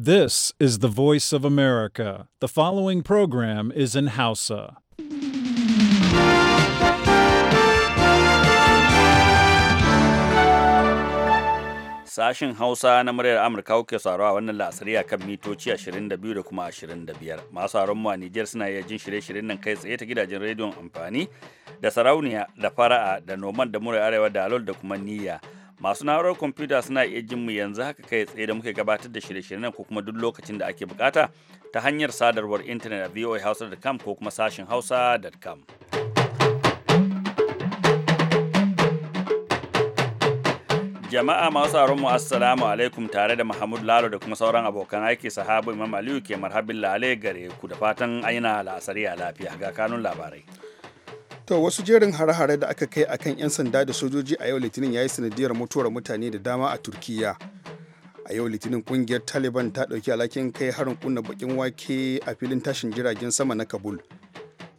This is the voice of America. The following program is in Hausa. Sashin Hausa na muryar Amurka kuke saro a wannan la'asari a kan mitoci 22 da kuma 25. Masu saron mu a Nijar suna iya jin shirye-shiryen nan kai tsaye ta gidajen rediyon amfani da sarauniya da fara'a da noman da muryar arewa da alol da kuma niyya. masu na'urar kwamfuta suna iya jin mu yanzu haka kai tsaye da muke gabatar da shirye-shiryen ko kuma duk lokacin da ake bukata ta hanyar sadarwar intanet a voahausa.com ko kuma sashin hausa.com jama'a masu tsaron mu assalamu alaikum tare da mahamud Lalo da kuma sauran abokan aiki sahabu Imam Aliyu ke marhabin lalai gare ku da fatan aina la'asari a lafiya ga kanun labarai To wasu jerin hare-hare da aka kai akan 'yan sanda da sojoji a yau litinin ya yi sanadiyar mutuwar mutane da dama a Turkiyya. a yau litinin kungiyar taliban ta ɗauki alhakin kai harin kunna bakin wake a filin tashin jiragen sama na kabul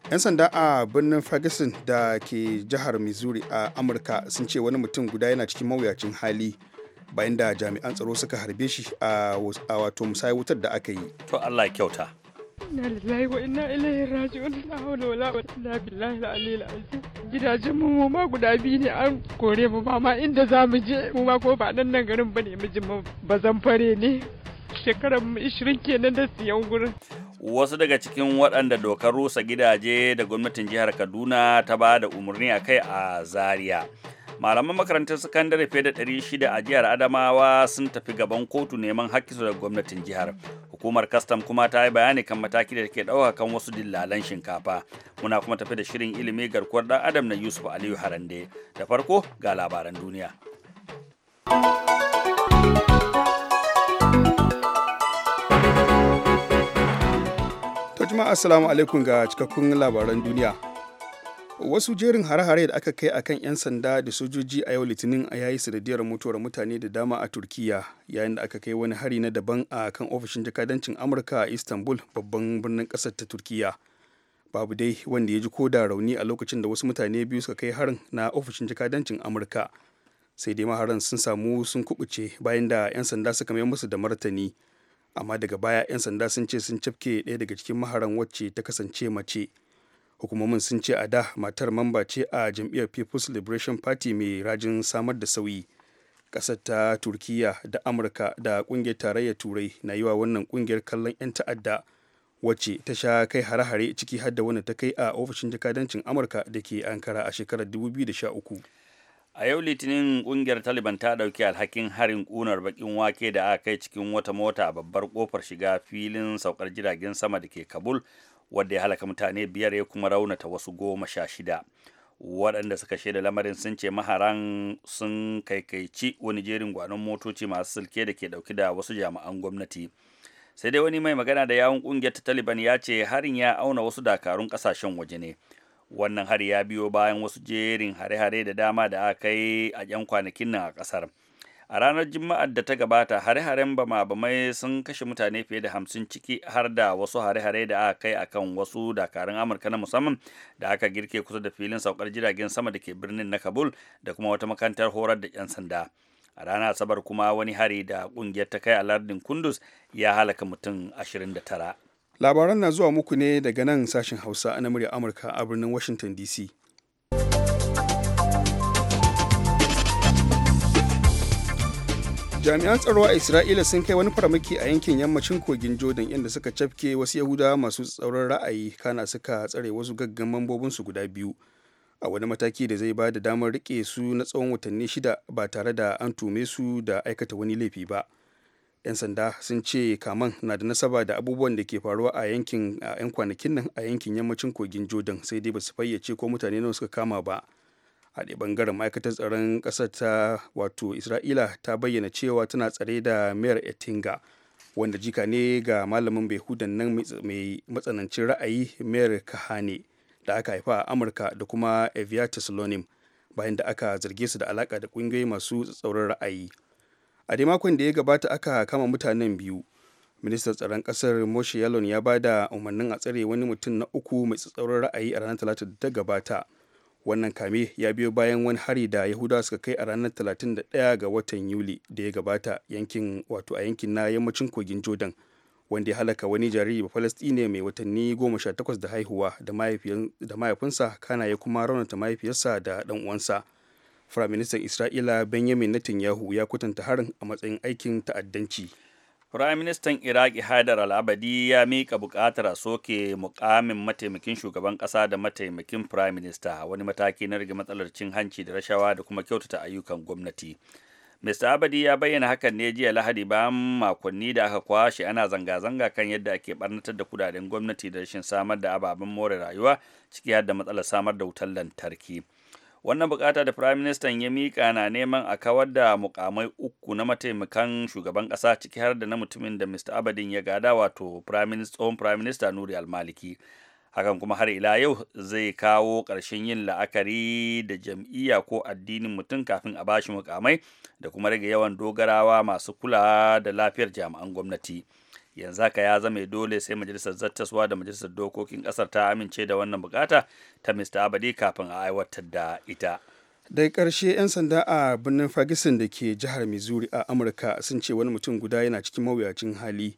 'yan sanda a birnin ferguson da ke jihar missouri a amurka sun ce wani mutum guda yana cikin mawuyacin hali bayan da jami'an tsaro suka harbe shi a wato musayar wutar da aka yi to allah kyauta inna lillahi wa inna ilaihi raji'un la hawla wala quwwata billahi al-aliyyil azim gidajen mu ma guda biyu ne an kore mu ba ma inda za mu je mu ma ko ba nan nan garin bane mijin mu bazan fare ne shekarar mu 20 kenan da siyan gurin wasu daga cikin waɗanda dokar rusa gidaje da gwamnatin jihar Kaduna ta ba da umarni a kai a Zaria malaman makarantar sakandare fiye da 600 a jihar adamawa sun tafi gaban kotu neman hakkinsu da gwamnatin jihar hukumar kastam kuma ta yi bayani kan mataki da take ɗauka kan wasu dillalan shinkafa muna kuma tafi da shirin ilimi garkuwar ɗan adam na yusuf aliyu harande da farko ga labaran duniya jama'a assalamu alaikum ga cikakkun labaran duniya wasu jerin hare-hare da aka kai akan 'yan sanda da sojoji a yau litinin a yayi sanadiyar mutuwar mutane da dama a turkiya yayin da aka kai wani hari na daban a kan ofishin jakadancin amurka a istanbul babban birnin kasar ta turkiya babu dai wanda ya ji ko da rauni a lokacin da wasu mutane biyu suka kai harin na ofishin jakadancin amurka sai dai maharan sun samu sun kubuce bayan da 'yan sanda suka mai musu da martani amma daga baya 'yan sanda sun ce sun cafke ɗaya daga cikin maharan wacce ta kasance mace hukumomin sun ce a da matar mamba ce a jam'iyyar people's liberation party mai rajin samar da sauyi ƙasar ta turkiya da amurka da ƙungiyar tarayyar turai na yi wa wannan ƙungiyar kallon 'yan ta'adda wacce ta sha kai hare-hare ciki har da wani ta kai a ofishin jakadancin amurka da ke ankara a shekarar 2013 a yau litinin kungiyar taliban ta dauki alhakin harin kunar bakin wake da aka kai cikin wata mota a babbar kofar shiga filin saukar jiragen sama da ke kabul wadda ya halaka mutane biyar ya kuma raunata wasu goma sha shida waɗanda suka shaida lamarin sun ce maharan sun kaikaici wani jerin gwanon motoci masu silke da ke ɗauki da wasu jami'an gwamnati sai dai wani mai magana da yawun ƙungiyar ta taliban ya ce harin ya auna wasu dakarun ƙasashen waje ne wannan hari ya biyo bayan wasu jerin hare-hare da dama da aka yi a 'yan kwanakin nan a ƙasar a ranar juma'ar da ta gabata hare-haren bama-bamai sun kashe mutane fiye da hamsin ciki har da wasu hare-hare da aka kai akan wasu dakarun amurka na musamman da aka girke kusa da filin saukar jiragen sama da ke birnin na kabul da kuma wata makarantar horar da 'yan sanda a ranar asabar kuma wani hari da kungiyar ta kai a lardin kundus ya halaka mutum ashirin da tara. labaran na zuwa muku ne daga nan sashen hausa na murya amurka a birnin washington dc jami'an tsaro a isra'ila sun kai wani farmaki a yankin yammacin kogin jordan inda suka cafke wasu yahudawa masu tsauran ra'ayi kana suka tsare wasu gaggan mambobinsu guda biyu a wani mataki da zai ba da damar rike su na tsawon watanni shida ba tare da an tume su da aikata wani laifi ba 'yan sanda sun ce kaman na da nasaba da abubuwan da ke faruwa a yankin 'yan kwanakin nan a yankin yammacin kogin jordan sai dai ba su fayyace ko mutane nawa suka kama ba a ɗaya bangaren ma'aikatar tsaron ƙasar ta wato isra'ila ta bayyana cewa tana tsare da mayar etinga wanda jika ne ga malamin behudan nan mai matsanancin ra'ayi mayar kahane da aka haifa a amurka da kuma eviatis lonim bayan da aka zarge su da alaka da ƙungiyoyi masu tsauran ra'ayi a dai makon da ya gabata aka kama mutanen biyu ministan tsaron kasar moshe yalon ya ba da umarnin a tsare wani mutum na uku mai tsatsauran ra'ayi a ranar talata da ta gabata wannan kame ya biyo bayan wani hari da yahudawa suka kai a ranar 31 ga watan yuli da ya gabata yankin wato a yankin na yammacin kogin jordan wanda ya halaka wani jariri falastine mai watanni 18 da haihuwa da mahaifinsa kana ya kuma raunata mahaifiyarsa da dan uwansa firaministan isra'ila benjamin netanyahu ya kwatanta harin a matsayin aikin ta'addanci Firaministan Iraki Haidar Al-Abadi ya mika buƙatar a soke mukamin mataimakin shugaban ƙasa da mataimakin firaminista wani mataki na rage matsalar cin hanci da rashawa da kuma kyautata ayyukan gwamnati. Mr. Abadi ya bayyana hakan ne jiya Lahadi bayan makonni da aka kwashe ana zanga-zanga kan yadda ake barnatar da kudaden gwamnati da rashin samar da ababen more rayuwa ciki har da matsalar samar da wutar lantarki. wannan bukata da prime minister ya mika na neman a kawar da mukamai uku na mataimakan shugaban kasa ciki har da na mutumin da mr abadin ya gada wato tsohon prime minister nuri almaliki hakan kuma har ila yau zai kawo ƙarshen yin la'akari da jam'iyya ko addinin mutum kafin a bashi mukamai da kuma rage yawan dogarawa masu kula da lafiyar jami'an gwamnati. yanzu haka ya zama dole sai majalisar zattaswa da majalisar dokokin kasar ta amince da wannan bukata ta mr abadi kafin a aiwatar da ita dai karshe 'yan sanda a birnin ferguson da ke jihar missouri a amurka sun ce wani mutum guda yana cikin mawuyacin hali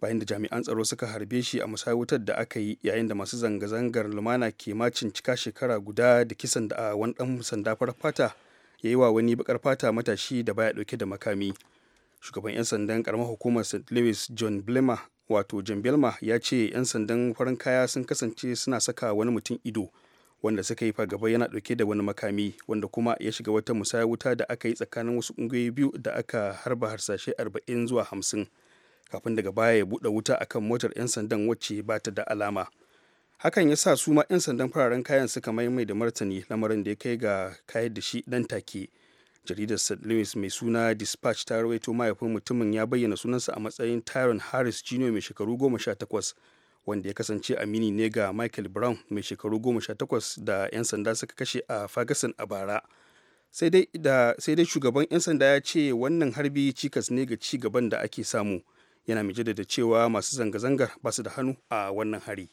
bayan da jami'an tsaro suka harbe shi a musayawutar da aka yi yayin da masu zanga-zangar lumana ke macin cika shekara guda da kisan da a wani dan sanda farar fata ya yi wa wani bakar fata matashi da baya dauke da makami shugaban 'yan sandan karamar hukumar st louis john blema wato john belma ya ce 'yan sandan farin kaya sun kasance suna saka wani mutum ido wanda suka yi fargaba yana dauke da wani makami wanda kuma ya shiga wata musaya wuta da aka yi tsakanin wasu ƙungiyoyi biyu da aka harba harsashe arba'in zuwa hamsin kafin daga baya ya buɗe wuta akan motar 'yan sandan wacce ba ta da alama hakan ya sa su ma 'yan sandan fararen kayan suka maimai da martani lamarin da ya kai ga kayar da shi dan take jaridar st louis mai suna dispatch ta rawaito mahaifin mutumin ya bayyana sunansa a matsayin tyron harris jr mai shekaru 18 wanda ya kasance amini ne ga michael brown mai shekaru 18 da 'yan sanda suka kashe a ferguson a bara sai dai shugaban 'yan sanda ya ce wannan harbi cikas ne ga ci gaban da ake samu yana mai jaddada cewa masu zanga-zangar ba su da hannu a wannan hari.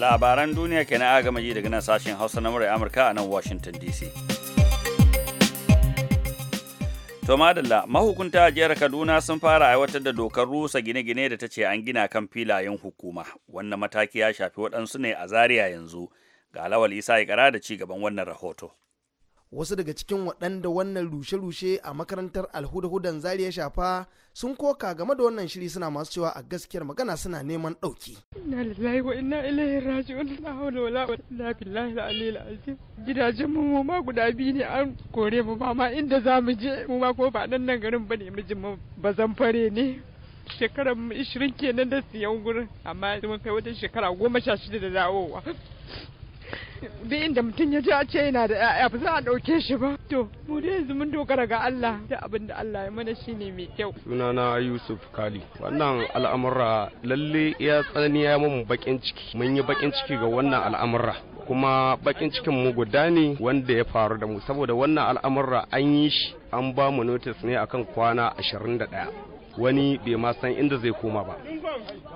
labaran duniya kenan na gama ji daga nan sashen hausa na murai amurka a nan washington dc to madalla mahukunta jihar kaduna sun fara aiwatar da dokar rusa gine-gine da ta ce an gina kan filayen hukuma wannan mataki ya shafi waɗansu ne a zaria yanzu ga lawal isa ya kara da ci gaban wannan rahoto wasu daga cikin waɗanda wannan rushe-rushe a makarantar alhuda-hudan zari ya shafa sun koka game da wannan shiri suna masu cewa a gaskiyar magana suna neman ɗauki. Inna lillahi wa inna ilaihi raji'un la hawla wala quwwata billahi al-aliyyil azim. Gidajen mu ma guda biyu ne an kore mu ma inda za mu je mu ma ko ba nan nan garin ba mijin mu bazan fare ne. Shekarar mu 20 kenan da siyan gurin amma mun kai wata shekara goma sha shida da dawowa. duk inda mutum ya ji a ce yana da ya'ya ba za a ɗauke shi ba to mu dai yanzu mun dogara ga Allah da abin da Allah ya mana shine mai kyau sunana Yusuf Kali wannan al'amura lalle ya tsanani ya mun bakin ciki mun yi bakin ciki ga wannan al'amura kuma bakin cikin mu guda ne wanda ya faru da mu saboda wannan al'amura an yi shi an ba mu notice ne akan kwana da ɗaya. wani bai ma san inda zai koma ba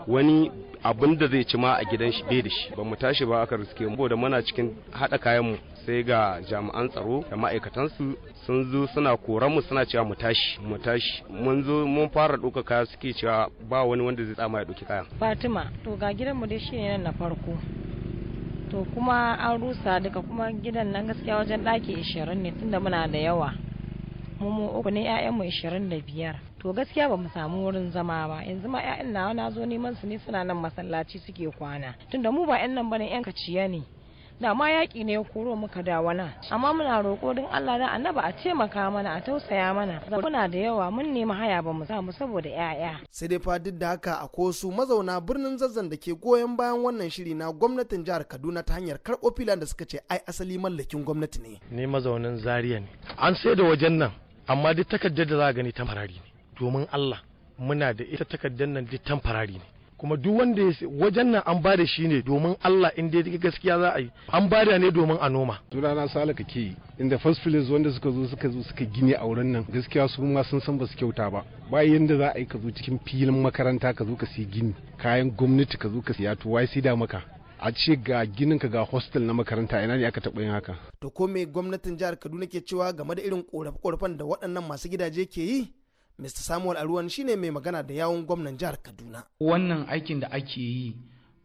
wani abin da zai ci ma a gidan shi bai da shi ba mu tashi ba aka riske mu da muna cikin hada kayan mu sai ga jami'an tsaro da ma'aikatan su sun zo suna koran mu suna cewa mu tashi mu tashi mun zo mun fara doka kaya suke cewa ba wani wanda zai tsama ya ɗauki kayan Fatima to ga gidan mu dai shine nan na farko to kuma an rusa duka kuma gidan nan gaskiya wajen daki 20 ne tunda muna da yawa mu mu uku ne ƴaƴan mu 25 to gaskiya ba mu samu wurin zama ba yanzu ma ƴaƴan nawa na zo neman su ne suna nan masallaci suke kwana tunda mu ba ƴan nan bane ƴan kaciya ne da ma yaƙi ne ya koro muka dawo nan amma muna roƙo din Allah da annaba a taimaka mana a tausaya mana muna da yawa mun nemi haya ba mu samu saboda yaya sai dai fa duk da haka a kosu mazauna birnin zazzan da ke goyon bayan wannan shiri na gwamnatin jihar Kaduna ta hanyar karɓo filan da suka ce ai asali mallakin gwamnati ne ni mazaunin Zaria ne an sai da wajen nan amma duk takardar da za gani tamfarari ne domin Allah muna da ita takardar nan duk tamfarari ne kuma duk wanda ya wajen nan an bada shi ne domin Allah in dai gaskiya za a yi an bada ne domin a noma sunana salaka ke inda first place wanda suka zo suka zo suka gini a wurin nan gaskiya su ma sun san basu su kyauta ba ba yanda za a yi ka zo cikin filin makaranta ka zo ka sai gini kayan gwamnati ka zo ka siya tuwa ya sai da maka a ce ga gininka ga hostel na makaranta ina ne aka taɓa yin haka. To ko me gwamnatin jihar Kaduna ke cewa game da irin korafe-korafen da waɗannan masu gidaje ke yi? Mr. Samuel Aruwan shine mai magana da yawun gwamnan jihar Kaduna. Wannan aikin da ake yi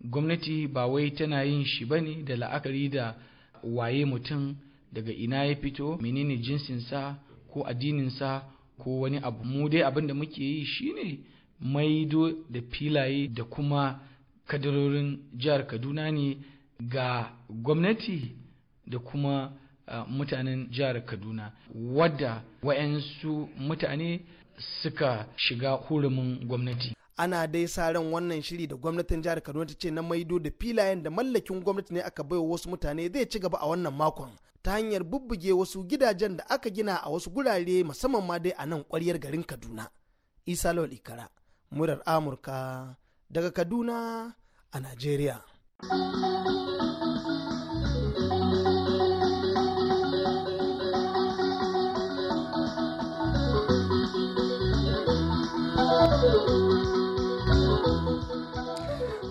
gwamnati ba wai tana yin shi ba ne da la'akari da waye mutum daga ina ya fito menene jinsinsa ko addininsa ko wani abu mu dai abin da muke yi shine maido da filaye da kuma kadarorin jihar kaduna ne ga gwamnati da kuma mutanen jihar kaduna wadda wa'yansu mutane suka shiga hurumin gwamnati ana dai sa ran wannan shiri da gwamnatin jihar kaduna ta ce na maido da filayen da mallakin gwamnati ne aka baiwa wasu mutane zai ci gaba a wannan makon ta hanyar bubbuge wasu gidajen da aka gina a wasu gurare musamman ma dai a nan kwaryar garin kaduna isa lawal ikara murar amurka daga kaduna a Najeriya.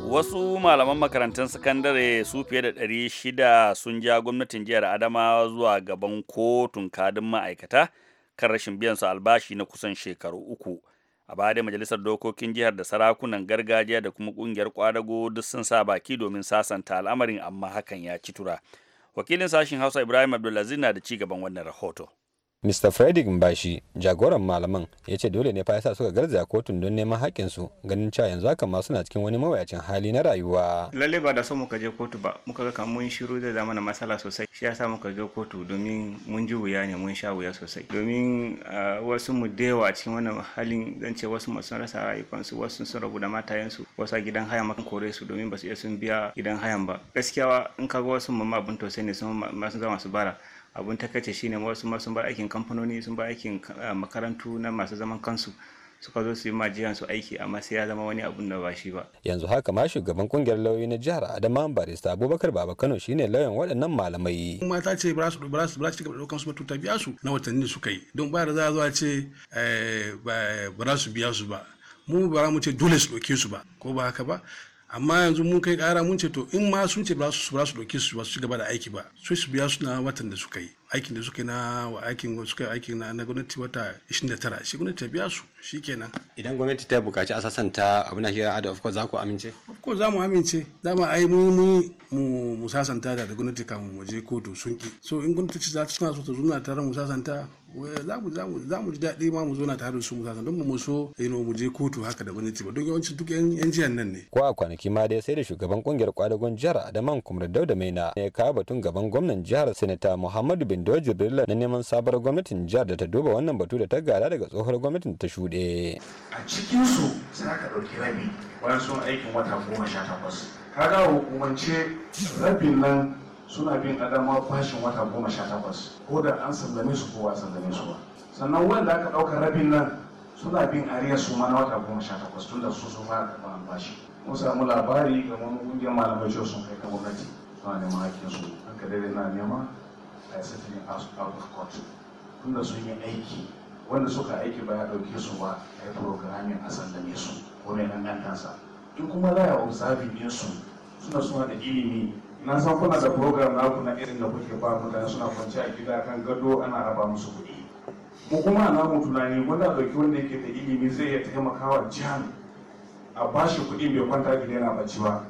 Wasu malaman makarantun sakandare su fiye da ɗari shida sun ja gwamnatin jihar adama zuwa gaban kotun kadin ma'aikata kan rashin biyan su albashi na kusan shekaru uku. a baya majalisar dokokin jihar da sarakunan gargajiya da kuma kungiyar kwadago duk sun sa baki domin sasanta al'amarin amma hakan ya ci tura wakilin sashen hausa ibrahim abdulaziz na da ci gaban wannan rahoton Mr. Fredrick Mbashi, jagoran malaman, ya ce dole ne fa yasa suka garzaya kotun don neman su ganin cewa yanzu haka ma suna cikin wani mawayacin hali na rayuwa. Lalle ba da so muka je kotu ba, muka ga kamar mun shiru zai zama masala matsala sosai. Shi yasa muka je kotu domin mun ji wuya ne mun sha wuya sosai. Domin ah, wasu mu da yawa cikin wannan halin zan ce wasu sun rasa rayukansu, wasu sun rabu da matayensu, wasu a gidan haya makan kore su domin ba su iya sun biya gidan hayan ba. Gaskiya in ka ga wasu mamma abun tausayi ne sun zama su bara. abun takaice shine wasu ma sun bar aikin kamfanoni sun bar aikin ah, makarantu na masu zaman kansu suka zo su yi majiyan su aiki amma sai ya zama wani abun da ba shi ba yanzu haka ma shugaban kungiyar lauyoyi na jihar adama barista abubakar baba kano shine lauyan waɗannan malamai mata ce ba su ba su ba su ɗaukan su mutunta biya su na watanni da suka yi don ba da za a zo a ce eh, ba za su biya su ba mu ba mu ce dole su ɗauke su ba ko ba haka ba amma yanzu mun kai kara mun ce to in ma sun ce ba su ba su doki su ba su gaba da aiki ba su su biya su na watan da suka yi aikin da suka yi na wa aikin suka yi aikin na na gwamnati wata 29 shi gwamnati ta biya su shikenan idan gwamnati ta bukaci a sasanta abin da kira da of course za ku amince of course za mu amince za mu ai mu mu mu sasanta da gwamnati kan mu je kotu sun ki so in gwamnati za ta suna so ta zuna tare mu sasanta za mu ji daɗi ma mu zo na tare da su musa don mu so yi mu je kotu haka da gwamnati ba don yawancin duk yan jiyan nan ne. ko a kwanaki ma dai sai da shugaban kungiyar kwadagon jihar adaman kumar dauda maina ya kawo batun gaban gwamnan jihar sanata muhammadu bin doji na neman Sabar gwamnatin jihar da ta duba wannan batu da ta gada daga tsohuwar gwamnatin ta shuɗe. a cikinsu za ka ɗauki rabi Wani sun aikin wata goma sha takwas ga hukumance rabin nan suna bin adama fashin wata goma sha takwas ko da an sallame su kowa sallame su ba sannan wanda aka ɗauka rabin nan suna bin ariya su na wata goma sha takwas tun da su sun fara karɓar bashi mun samu labari ga wani ƙungiyar malamai cewa sun kai ka gwamnati suna neman hakkin su an ka daidai na nema a yi sitting out of court tun da sun yi aiki wanda suka aiki ba ya ɗauke su ba a yi programming a sallame su ko ne nan kansa in kuma za a observing ɗinsu suna suna da ilimi na san kuna da program na kuna irin da kuke ba mutane suna kwanci a gida kan gado ana raba musu kuɗi mu kuma na mu tunani wanda dauki wanda yake da ilimi zai iya taimakawa jihar a bashi kuɗi bai kwanta gida yana bacci ba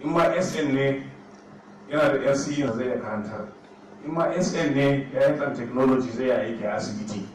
in ma sn ne yana da lce yanzu zai iya karantar in ma sn ne ya yi kan technology zai yi aiki a asibiti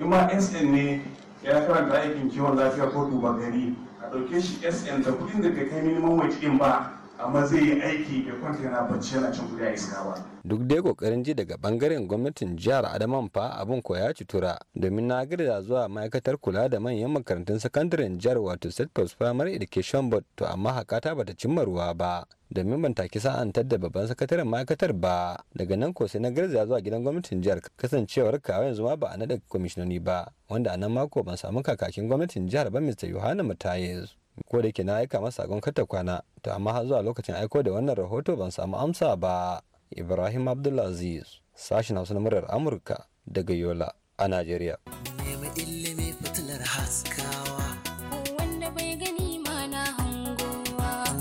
in ma sn ne ya karanta aikin kiwon lafiya ko duba gari a ɗauke shi sn da kuɗin da bai kai minimum wage ba amma zai yi aiki ya kwanta yana bacci yana cin kuɗi a iska ba. Duk dai kokarin ji daga bangaren gwamnatin jihar Adaman fa abin ko ya tura domin na girda zuwa ma'aikatar kula da manyan makarantun sakandaren jihar wato State Post Primary Education Board to amma hakata bata cimma ruwa ba. domin ban taki sa'antar da babban sakataren ma'aikatar ba daga nan ko sai na garza zuwa gidan gwamnatin jihar kasancewar kawo yanzu ma ba a naɗa kwamishinoni ba wanda a nan mako ban samu kakakin gwamnatin jihar ba mr yohana matayes ko da ke na aika masa a kata kwana to amma har zuwa lokacin aiko da wannan rahoto ban samu amsa ba ibrahim abdulaziz sashen hausa na murar amurka daga yola a najeriya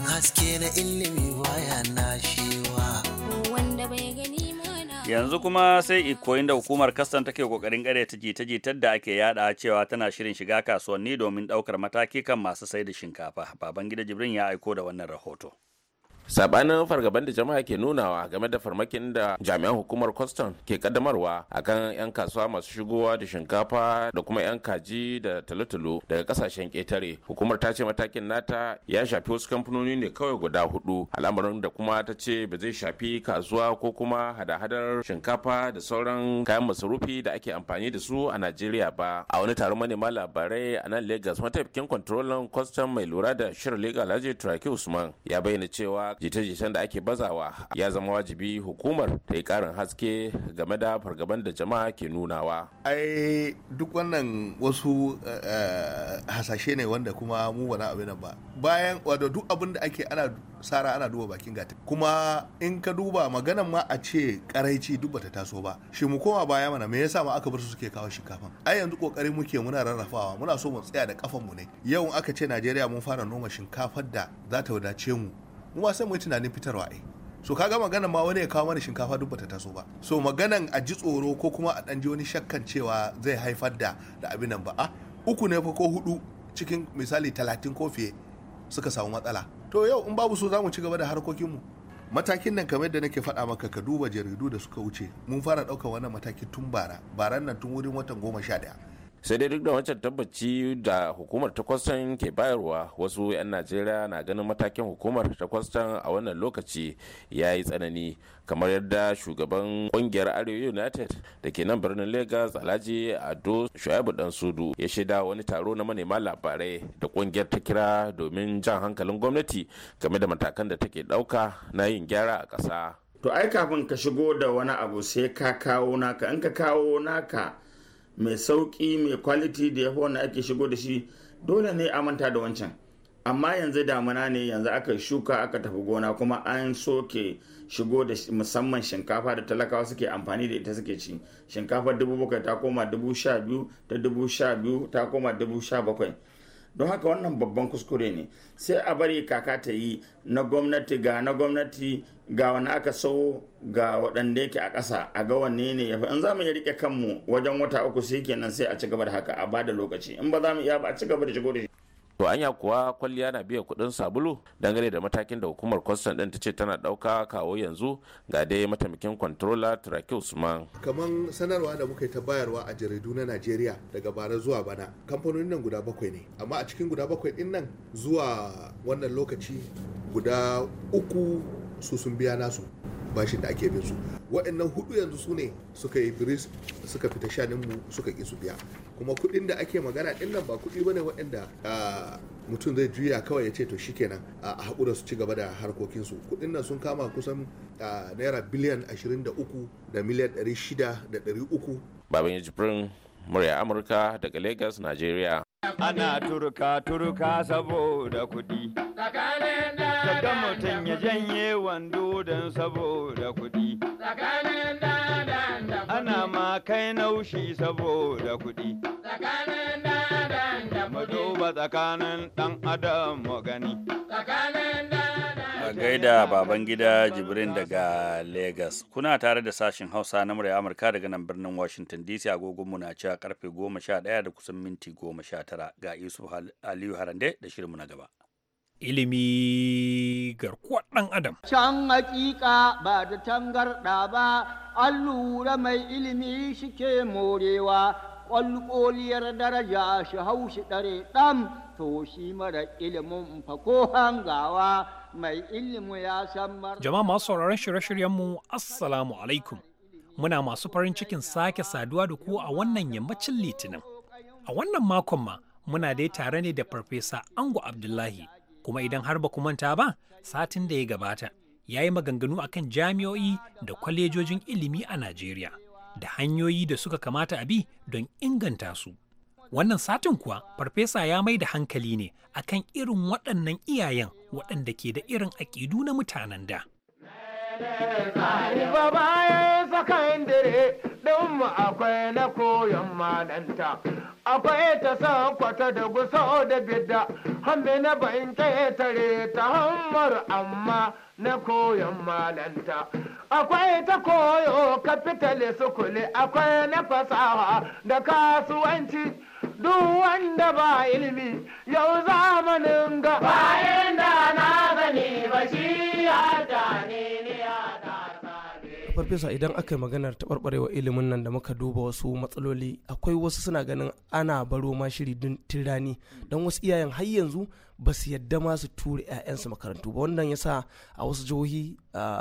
haske na ilimi yanzu kuma sai ikoyin da hukumar kastan take kokarin ta jita-jitar da ake yada cewa tana shirin shiga kasuwanni domin ɗaukar mataki kan masu sai da shinkafa babangida jibrin ya aiko da wannan rahoto sabanin fargaban da jama'a ke nunawa game da farmakin da jami'an hukumar kwastan ke kaddamarwa akan 'yan kasuwa masu shigowa da shinkafa da kuma 'yan kaji da talotalo daga kasashen ƙetare hukumar ta ce matakin nata ya shafi wasu kamfanoni ne kawai guda hudu al'amarin da kuma ta ce ba zai shafi kasuwa ko kuma hada-hadar shinkafa da sauran kayan masarufi da ake amfani da su a najeriya ba a wani taron manema labarai a nan lagos mataimakin kwantarolin kwastan mai lura da shirin legal ajiye turaki usman ya bayyana cewa jita-jitan da ake bazawa ya zama wajibi hukumar ta yi karin haske game da fargaban da jama'a ke nunawa ai duk wannan wasu eh, hasashe ne wanda kuma mu wani abu nan ba bayan wadda duk abin da ake ana sara ana duba bakin gata kuma in ka duba maganan ma a ce karaici duk bata taso ba shi mu koma baya mana me yasa ma aka bar su suke kawo shinkafan ai yanzu kokarin muke muna rarrafawa muna so mu tsaya da kafan mu ne yau aka ce Najeriya mun fara noma shinkafar da za ta wadace mu mu ma sai mu tunanin fitarwa ai so kaga maganan ma wani ya kawo mana shinkafa duk bata taso ba so maganan a ji tsoro ko kuma a ɗan ji wani shakkan cewa zai haifar da da abin nan ba a ah, uku ne fa ko hudu cikin misali talatin ko fiye suka samu matsala to yau in babu su za mu ci gaba da harkokin mu matakin nan kamar yadda nake faɗa maka ka duba jaridu da suka wuce mun fara ɗaukar wannan matakin tun bara baran nan tun wurin watan goma sha ɗaya sai dai duk da wancan tabbaci da hukumar ta kwastan ke bayarwa wasu 'yan najeriya na ganin matakin hukumar ta kwastan a wannan lokaci ya yi tsanani kamar yadda shugaban kungiyar arewa united da ke nan birnin lagos alhaji ado shu'aibu dan sudu ya shaida wani taro na manema labarai da kungiyar ta kira domin jan hankalin gwamnati game da matakan da take dauka na yin gyara a kasa to ai kafin ka shigo da wani abu sai ka kawo naka in ka kawo naka mai sauƙi mai kwaliti da ya wanda ake shigo da shi dole ne a manta da wancan amma yanzu damuna ne yanzu aka shuka aka tafi gona kuma an soke shigo da musamman shinkafa da talakawa suke amfani da ita suke ci shinkafa dubu bakwai ta koma dubu sha biyu ta dubu sha biyu ta koma dubu sha bakwai don haka wannan babban kuskure ne sai a bari kaka ta yi na gwamnati ga na gwamnati ga wani aka sau ga waɗanda yake a ƙasa a ga wanne ne ya in za mu iya riƙe kanmu wajen wata uku sai kenan sai a ci gaba da haka a bada lokaci in ba za mu iya ba a ci gaba da shigo da shi to anya kuwa kwalliya na biya kudin sabulu dangane da matakin da hukumar kwastan ɗin ta ce tana dauka kawo yanzu ga dai mataimakin kwantarola turaki usman kamar sanarwa da muka yi ta bayarwa a jaridu na najeriya daga bara zuwa bana kamfanonin nan guda bakwai ne amma a cikin guda bakwai din nan zuwa wannan lokaci guda uku su sun biya nasu bashin da ake bin su waɗannan hudu yanzu su ne suka yi biris suka fita shanin suka ƙi su biya kuma kudin da ake magana ɗin nan ba kuɗi bane waɗanda mutum zai juya kawai ya ce to kenan a haƙura su ci gaba da harkokinsu kudin nan sun kama kusan naira biliyan 23 da miliyan 600 da ya baban murya amurka daga lagos nigeria ana turka turka saboda kuɗi saka mutum ya janye wando don saboda kuɗi. Tsakanin da kuɗi. Ana ma kai naushi saboda kuɗi. Tsakanin da kuɗi. Mu duba tsakanin ɗan adam mu gani. Tsakanin gaida baban gida jibrin daga lagos kuna tare da sashin hausa na murya amurka daga nan birnin washington dc agogonmu na cewa karfe goma sha ɗaya da kusan minti tara ga yusuf aliyu harande da shirinmu na gaba ilimi garkuwar ɗan adam. Can hakika ba da tangarɗa ba, an lura mai ilimi shi ke morewa, ƙwalƙoliyar daraja shi haushi shi ɗare ɗan to shi mara ilimin fako hangawa mai ilimi ya san mara. Jama'a masu sauraron shirye-shiryenmu, Assalamu alaikum. Muna masu farin cikin sake saduwa da ku a wannan yammacin litinin. A wannan makon ma, muna dai tare ne da Farfesa Ango Abdullahi. kuma idan har ba ku manta ba satin da ya gabata ya yi maganganu akan jami'o'i da kwalejojin ilimi a Najeriya da hanyoyi da suka kamata a bi don inganta su. Wannan satin kuwa farfesa ya mai da hankali ne akan irin waɗannan iyayen waɗanda ke da irin aƙidu na mutanen da. ɗinmu akwai na koyon malanta akwai ta san kwata da gusa da bidda hambe na bain ƙetare ta hammar amma na koyon malanta akwai ta koyo kafitali sukuli akwai na fasaha da kasuwanci duk wanda ba ilimi yau zamanin ga bayan da na gani ba shi farfesa idan aka yi maganar taɓarɓarewa ilimin nan da muka duba wasu matsaloli akwai wasu suna ganin ana baro ma shiri din tirani don wasu iyayen har yanzu ba su yadda ma su ture 'ya'yansu makarantu ba wannan yasa a wasu jihohi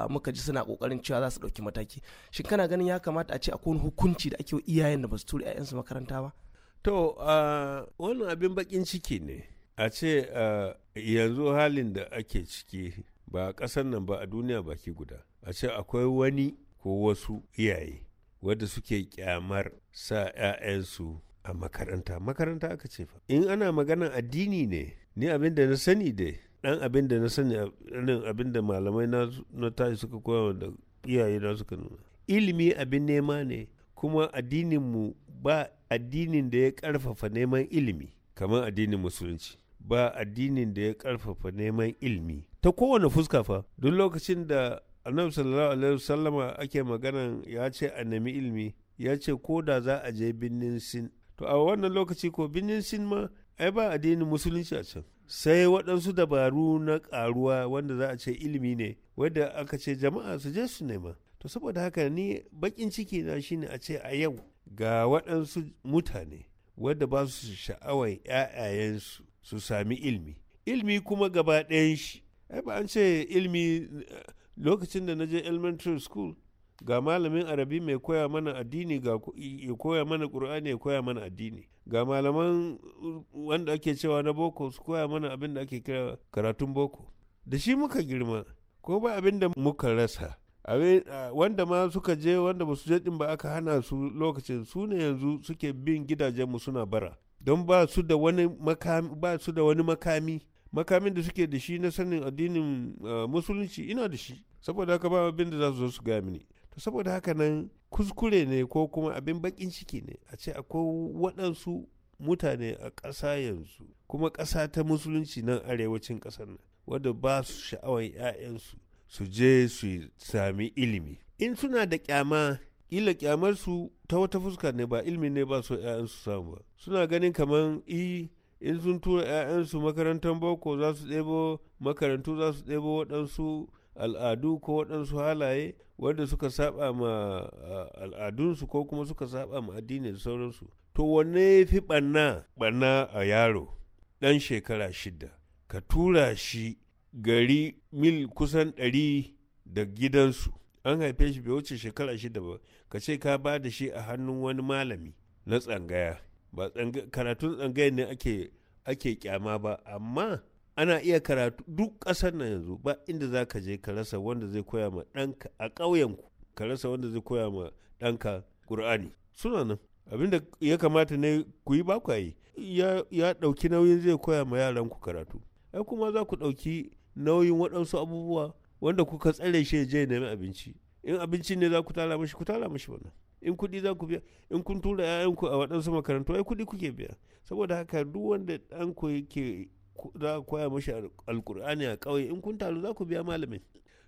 muka ji suna kokarin cewa za su ɗauki mataki shin kana ganin ya kamata a ce akwai hukunci da ake iyayen da ba su ture 'ya'yansu makaranta ba to wannan abin bakin ciki ne a ce yanzu halin da ake ciki ba a ƙasar nan ba a duniya baki guda a ce akwai wani ko wasu iyaye wadda suke kyamar sa 'ya'yansu a makaranta makaranta aka ce fa in ana maganan addini ne ni abin da na sani dai dan abin da na sani abin da malamai na tashi suka koya da iyaye na suka nuna ilimi abin nema ne kuma mu ba addinin da ya karfafa neman ilimi kamar addinin musulunci ba addinin da ya karfafa neman ilimi ta kowane fuska fa duk lokacin da annabi sallallahu alaihi wasallama ake maganan ya ce a nemi ilmi ya ce ko da za a je birnin sin to a wannan lokaci ko birnin sin ma ai ba addinin musulunci a can sai waɗansu dabaru na ƙaruwa wanda za a ce ilimi ne wadda aka ce jama'a su je su nema to saboda haka ni baƙin ciki na shine a ce a yau ga waɗansu mutane wadda ba su sha'awar 'ya'yayensu su sami ilimi ilimi kuma gaba ɗayan shi ai ba an ce ilimi lokacin da na je elementary school ga malamin arabi mai koya mana addini ga ya koya mana ƙur'ani ya koya mana addini ga malaman wanda ake cewa na boko su koya mana abin da ake kira karatun boko da shi muka girma ko ba abin da muka rasa wanda ma suka je wanda ba su je din ba aka hana su lokacin su ne yanzu suke bin gidajenmu suna bara don ba su da wani makami makamin da suke da shi na sanin addinin uh, musulunci ina da shi saboda haka ba abin da za su zo su gaya mini to saboda haka nan kuskure ne ko kuma abin bakin ciki ne a ce akwai waɗansu mutane a ƙasa yanzu kuma ƙasa ta musulunci nan arewacin ƙasar nan wadda ba su sha'awar 'ya'yansu su je su sami ilimi in suna da kyama ila ƙyamarsu ta wata fuska ne ba ilimi ne ba su 'ya'yansu samu ba suna ganin kamar i eh, in sun tura 'ya'yansu makarantar boko za su ɗebo makarantu za su ɗebo waɗansu al'adu ko waɗansu halaye wanda suka saba ma al'adunsu ko kuma suka saba ma addini sauransu to wanne ya fi ɓanna ɓanna a yaro ɗan shekara shida ka tura shi gari mil kusan ɗari da gidansu an haife shi bai wuce shekara shida ba ka ce ka ba da shi a hannun wani malami na tsangaya ba karatun tsangayen ne ake ake kyama ba amma ana iya karatu duk ƙasar nan yanzu ba inda za ka je ka rasa wanda zai koya ma ɗanka a ƙauyenku ka rasa wanda zai koya ma ɗanka ƙur'ani suna nan abinda ya kamata ne ku yi baku yi ya ɗauki nauyin zai koya ma yaran ku karatu ai kuma za ku ɗauki nauyin waɗansu abubuwa wanda kuka tsare shi ya je nemi abinci in abinci ne za ku tala mashi ku tala mashi wannan in kuɗi za ku biya in kun tura 'ya'yanku a waɗansu makarantu ai kuɗi kuke biya saboda haka duk wanda ɗanku yake za koya mashi alkur'ani a ƙauye in kun taru za ku biya malamin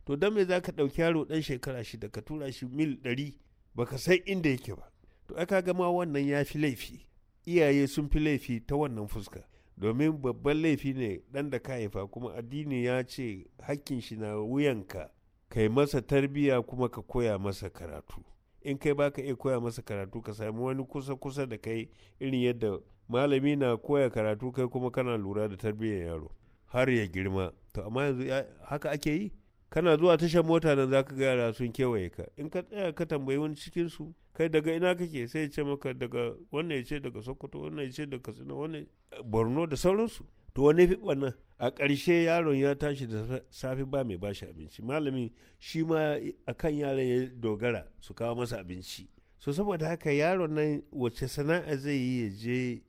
to don me za ka ɗauki yaro ɗan shekara shida ka tura shi mil ɗari baka san inda yake ba to ka gama wannan ya fi laifi iyaye sun fi laifi ta wannan fuska domin babban laifi ne ɗan da ka haifa kuma addini ya ce hakkin shi na wuyanka kai masa tarbiyya kuma ka koya masa karatu in kai baka iya koya masa karatu ka sami wani kusa kusa da kai irin yadda malami na koya karatu kai kuma kana lura da tarbiyyar yaro har ya girma to amma yanzu haka ake yi kana zuwa tashar mota nan zaka ga yara sun kewaye ka in ka tsaya ka tambayi wani cikin su kai daga ina kake sai ce maka daga wannan ya ce daga sokoto wannan ya ce daga katsina wannan borno da sauransu to wani fi ɓanna a ƙarshe yaron ya tashi da safe ba mai bashi abinci malami shi ma a kan yaron ya dogara su kawo masa abinci so saboda haka yaron nan wace sana'a zai yi ya je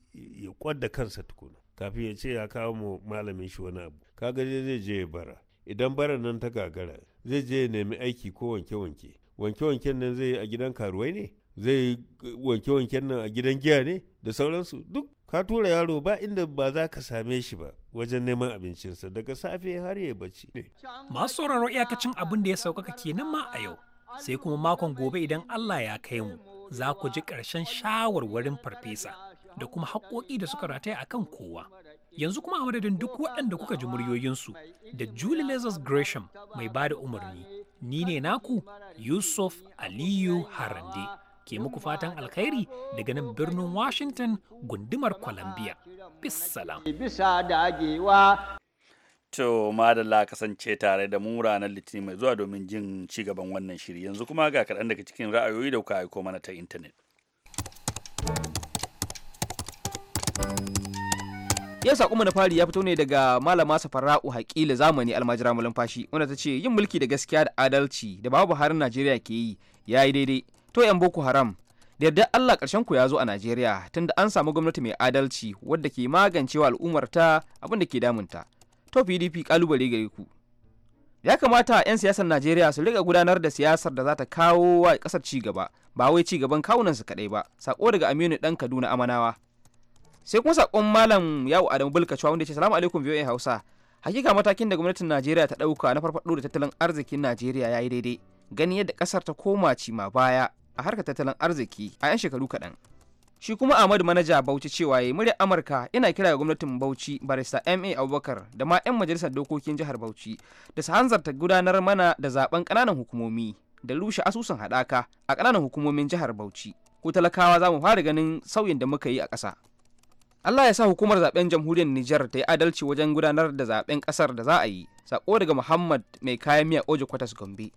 ya kwadda kansa tukuna kafin ya ce ya kawo mu malamin shi wani abu kaga zai je ya bara idan bara nan ta gagara zai je ya nemi aiki ko wanke-wanke wanke-wanken nan zai yi a gidan karuwai ne zai wanke-wanken nan a gidan giya ne da sauransu duk ka tura yaro ba inda ba za ka same shi ba wajen neman abincinsa daga safe har ya bacci Masu sauraro iyakacin abin da ya sauƙaƙa kenan ma a yau sai kuma makon gobe idan Allah ya kai mu za ku ji ƙarshen shawarwarin farfesa da kuma haƙoƙi da suka rataya a kan kowa. Yanzu kuma a madadin duk waɗanda kuka ji muryoyinsu da Julie Lazarus Gresham mai ba da umarni, ni ne naku Yusuf Aliyu Harande. ke muku fatan alkhairi daga nan birnin Washington gundumar Columbia. Bissalam. Bisa dagewa. To, madalla kasance tare da mu ranar litinin mai zuwa domin jin ci gaban wannan shiri. Yanzu kuma ga kaɗan daga cikin ra'ayoyi da kuka aiko mana ta intanet. ya saƙo na fari ya fito ne daga malama safara'u haƙila zamani almajira mulumfashi wanda ta ce yin mulki da gaskiya da adalci da babu harin najeriya ke yi ya yi daidai to 'yan boko haram da yadda allah ƙarshen ku ya zo a najeriya tunda an samu gwamnati mai adalci wadda ke magancewa al'ummar ta abin da ke damunta to pdp kalubale gare ku ya kamata 'yan siyasar najeriya su riga gudanar da siyasar da za ta kawo wa ƙasar ci gaba ba wai ci gaban su kaɗai ba sako daga aminu ɗan kaduna amanawa sai kuma sakon malam yawo adamu bulkacewa wanda ya ce salamu alaikum voa hausa hakika matakin da gwamnatin najeriya ta ɗauka na farfaɗo da tattalin arzikin najeriya ya yi daidai gani yadda ƙasar ta koma cima baya a harkar tattalin arziki a 'yan shekaru kaɗan. Shi kuma Ahmadu Manaja Bauchi cewa ya muryar Amurka yana kira ga gwamnatin Bauchi barista MA Abubakar da ma 'yan majalisar dokokin jihar Bauchi da su hanzarta gudanar mana da zaben ƙananan hukumomi da rushe asusun haɗaka a ƙananan hukumomin jihar Bauchi. Ko talakawa za mu fara ganin sauyin da muka yi a ƙasa. Allah ya sa hukumar zaben jamhuriyar Nijar ta yi adalci wajen gudanar da zaben ƙasar da za a yi. Sako daga Muhammad mai kayan miya Oje Kwatas Gombe.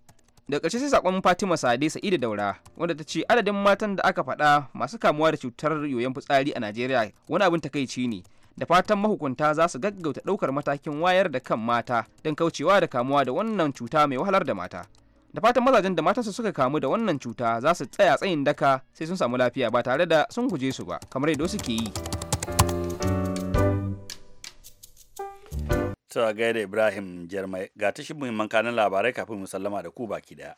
da ƙarshe sai sakon fatima sade Saida daura wanda ta ce adadin matan da aka faɗa masu kamuwa da cutar yoyon fitsari a najeriya wani abin takaici ne da fatan mahukunta za su gaggauta ɗaukar matakin wayar da kan mata don kaucewa da kamuwa da wannan cuta mai wahalar da mata da fatan mazajen da matansu suka kamu da wannan cuta za su tsaya tsayin daka sai sun samu lafiya ba tare da sun guje su ba kamar yadda suke yi ta da Ibrahim Jarmai ga tashin muhimman kanin labarai kafin mu sallama da ku baki daya.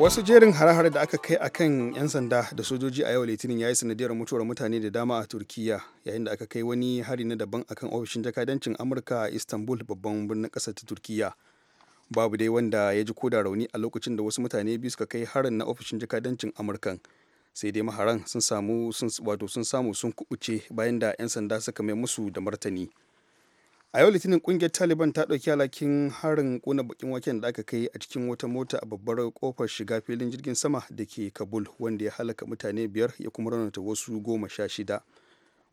wasu jerin hare-hare da aka kai a kan 'yan sanda da sojoji a yau litinin ya yi sanadiyar mutuwar mutane da dama a turkiyya yayin da aka kai wani hari na daban akan ofishin jakadancin amurka a istanbul babban birnin kasar ta turkiya babu dai wanda ya ji ko da rauni a lokacin da wasu mutane biyu suka kai harin na ofishin jakadancin amurkan sai dai maharan sun samu sun wato sun samu sun kubuce bayan da 'yan sanda suka mai musu da martani a yau litinin kungiyar taliban ta ɗauki alakin harin kuna bakin waken da aka kai a cikin wata mota a babbar kofar shiga filin jirgin sama da ke kabul wanda ya halaka mutane biyar ya kuma raunata wasu goma sha shida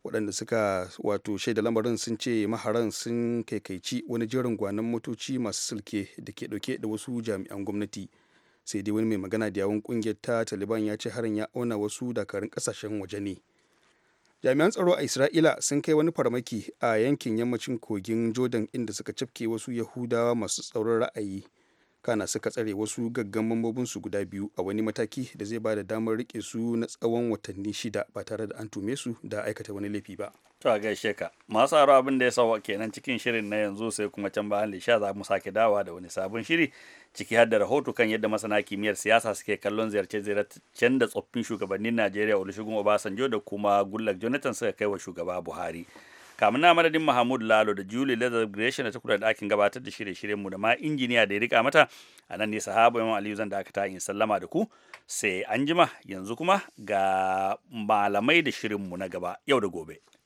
waɗanda suka wato shaida lamarin sun ce maharan sun kaikaici wani jerin gwanon motoci masu sulke da ke ɗauke da wasu jami'an gwamnati sai dai wani mai magana da yawon kungiyar ta taliban ya ce harin ya auna wasu dakarun kasashen waje ne jami'an tsaro a isra'ila sun kai wani farmaki a yankin yammacin kogin jordan inda suka cafke wasu yahudawa masu tsaron ra'ayi kana suka tsare wasu gaggan mambobin su guda biyu a wani mataki da zai ba da damar rike su na tsawon watanni shida ba tare da an tume su da aikata wani laifi ba To a gaishe ka, masu aro abin da ya sawa kenan cikin shirin na yanzu sai kuma can bayan lisha za mu sake dawa da wani sabon shiri ciki har da rahoto kan yadda masana kimiyyar siyasa suke kallon ziyarce-ziyarcen da tsoffin shugabannin Najeriya Olusegun Obasanjo da kuma Goodluck Jonathan suka kai wa shugaba Buhari. kamun na madadin Mahmud Lalo da Julie Leather Gresham da ta kula da ɗakin gabatar da shirye-shiryen mu da ma injiniya da ya rika mata a nan ne sahaba yawan Aliyu zan da aka in sallama da ku sai anjima yanzu kuma ga malamai da shirin mu na gaba yau da gobe.